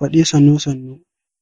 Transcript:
Faɗi sannu sannu!